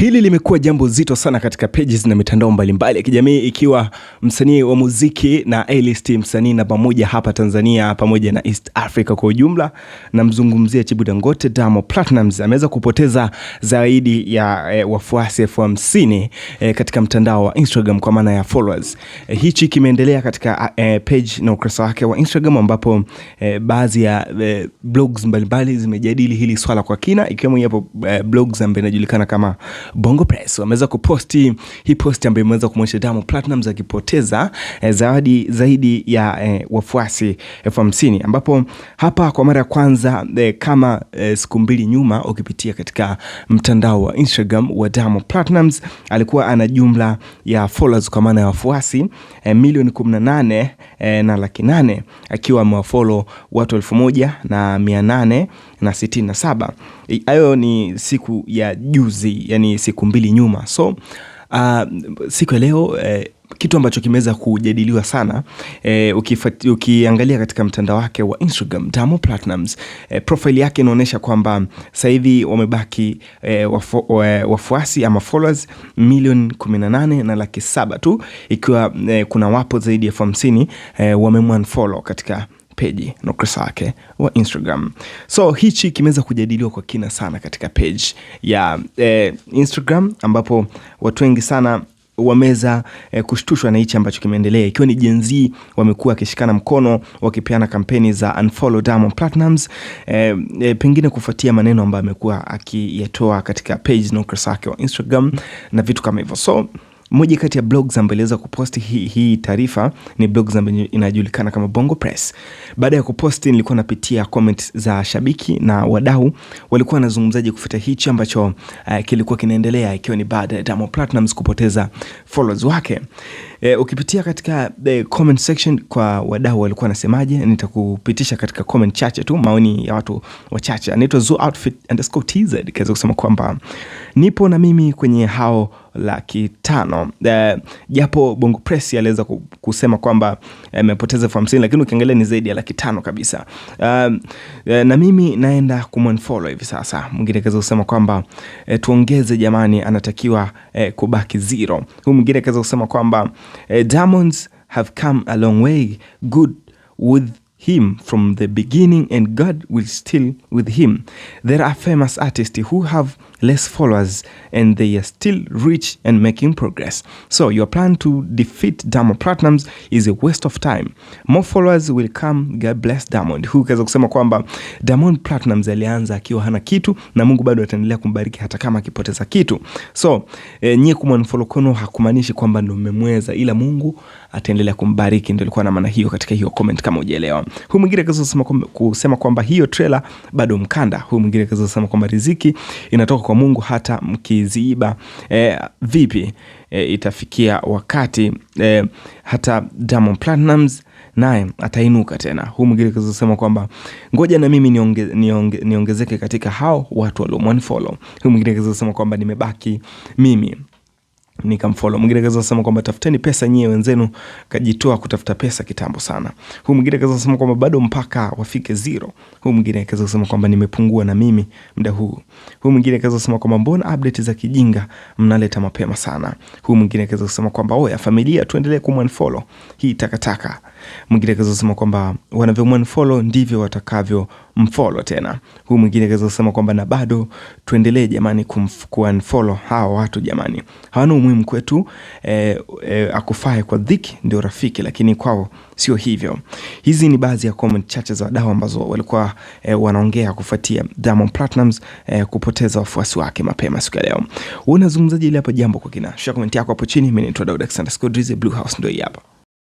Hili limekuwa jambo zito sana katika pages na mitandao mbalimbali ya kijamii, ikiwa msanii wa muziki na A-list msanii na pamoja hapa Tanzania pamoja na East Africa kwa ujumla, namzungumzia Chibu Dangote Diamond Platnumz ameweza kupoteza zaidi ya e, wafuasi elfu hamsini e, katika mtandao wa Instagram kwa maana ya followers. E, hichi kimeendelea katika e, page na ukurasa wake wa Instagram ambapo e, baadhi ya e, blogs mbalimbali zimejadili hili swala kwa kina, ikiwemo hapo e, blogs ambayo inajulikana kama Bongo Press wameweza kuposti hii posti ambayo imeweza kumwonyesha Diamond Platnumz akipoteza eh, zawadi zaidi ya eh, wafuasi elfu hamsini ambapo hapa kwa mara ya kwanza eh, kama eh, siku mbili nyuma ukipitia katika mtandao wa Instagram wa Diamond Platnumz alikuwa ana jumla ya followers kwa maana ya wafuasi eh, milioni 18 eh, na laki nane akiwa amewafollow watu elfu moja na mia nane na sitini na saba. Hayo ni siku ya juzi, yani siku mbili nyuma. So uh, siku ya leo eh, kitu ambacho kimeweza kujadiliwa sana eh, ukifati, ukiangalia katika mtandao wake wa Instagram Diamond Platnumz eh, profile yake inaonyesha kwamba sasa hivi wamebaki eh, wafu, eh, wafuasi ama followers milioni 18 na laki saba tu, ikiwa eh, kuna wapo zaidi ya elfu hamsini eh, wamemwanfollow katika peji na ukurasa wake wa Instagram. So hichi kimeweza kujadiliwa kwa kina sana katika page ya eh, Instagram ambapo watu wengi sana wameweza eh, kushtushwa na hichi ambacho kimeendelea, ikiwa ni Gen Z wamekuwa wakishikana mkono wakipeana kampeni za unfollow Diamond Platnumz eh, eh, pengine kufuatia maneno ambayo amekuwa akiyatoa katika page na ukurasa wake wa Instagram na vitu kama hivyo so moja kati ya blogs ambayo iliweza kuposti hii, hii taarifa ni blogs ambayo inajulikana kama Bongo Press. Baada ya kuposti, nilikuwa napitia comment za shabiki na wadau walikuwa wanazungumzaje kufuta hichi ambacho uh, kilikuwa kinaendelea ikiwa ni baada ya eh, Diamond Platnumz kupoteza followers wake. E, ukipitia katika the comment section kwa wadau walikuwa nasemaje, nitakupitisha katika comment chache tu, maoni ya watu wachache. Anaitwa Zoo Outfit_tz kaweza kusema kwamba nipo na mimi kwenye hao laki tano e, japo Bongo Press aliweza kusema kwamba amepoteza e, elfu hamsini lakini ukiangalia ni zaidi ya laki tano kabisa. e, na mimi naenda kumonfollow hivi sasa. Mwingine akaweza kusema kwamba e, tuongeze jamani, anatakiwa e, kubaki zero. Huyu mwingine akaweza kusema kwamba e, Diamonds have come a long way good with him from the beginning and God will still with him. There are famous artists who have less followers and they are still rich and making progress. So your plan to defeat damo Platnumz is a waste of time. More followers will come. God bless Diamond. Huu kaweza kusema kwamba Diamond Platnumz alianza akiwa hana kitu na Mungu bado ataendelea kumbariki hata kama akipoteza kitu. So eh, nyie kumunfollow kono hakumaanishi kwamba ndio mmemweza, ila Mungu ataendelea kumbariki. ndo likuwa na maana hiyo katika hiyo comment, kama hujaelewa. Huyu mwingine akaweza kusema kwamba hiyo trailer bado mkanda. Huyu mwingine akaweza kusema kwamba riziki inatoka kwa Mungu hata mkiziiba e, vipi e, itafikia wakati e, hata Diamond Platnumz naye atainuka tena. huu mwingine akaweza kusema kwamba ngoja na mimi nionge, nionge, niongezeke katika hao watu walio unfollow. Huu mwingine akaweza kusema kwamba nimebaki mimi nikamfollow. Mwingine kaza kusema kwamba tafuteni pesa nyie wenzenu kajitoa kutafuta pesa kitambo sana. Huyu mwingine kaza kusema kwamba bado mpaka wafike zero. Huyu mwingine kaza kusema kwamba nimepungua na mimi muda huu. Huyu mwingine kaza kusema kwamba mbona update za kijinga mnaleta mapema sana. Huyu mwingine kaza kusema kwamba oya familia tuendelee kumunfollow. Hii takataka. Mwingine kaza kusema kwamba wanavyomfollow ndivyo watakavyo mfollow tena. Huyu mwingine kaweza kusema kwamba na bado tuendelee jamani kuunfollow hawa watu jamani, hawana umuhimu kwetu eh, eh, akufae kwa dhiki ndio rafiki, lakini kwao sio hivyo. Hizi ni baadhi ya comment chache za wadau ambazo walikuwa eh, wanaongea kufuatia Diamond Platnumz eh, kupoteza wafuasi wake mapema siku ya leo. Unazungumzaje ile hapo jambo kwa kina? Shia comment yako hapo chini. Mimi ni Daud Alexander Skodrizi, Blue House ndio hapa.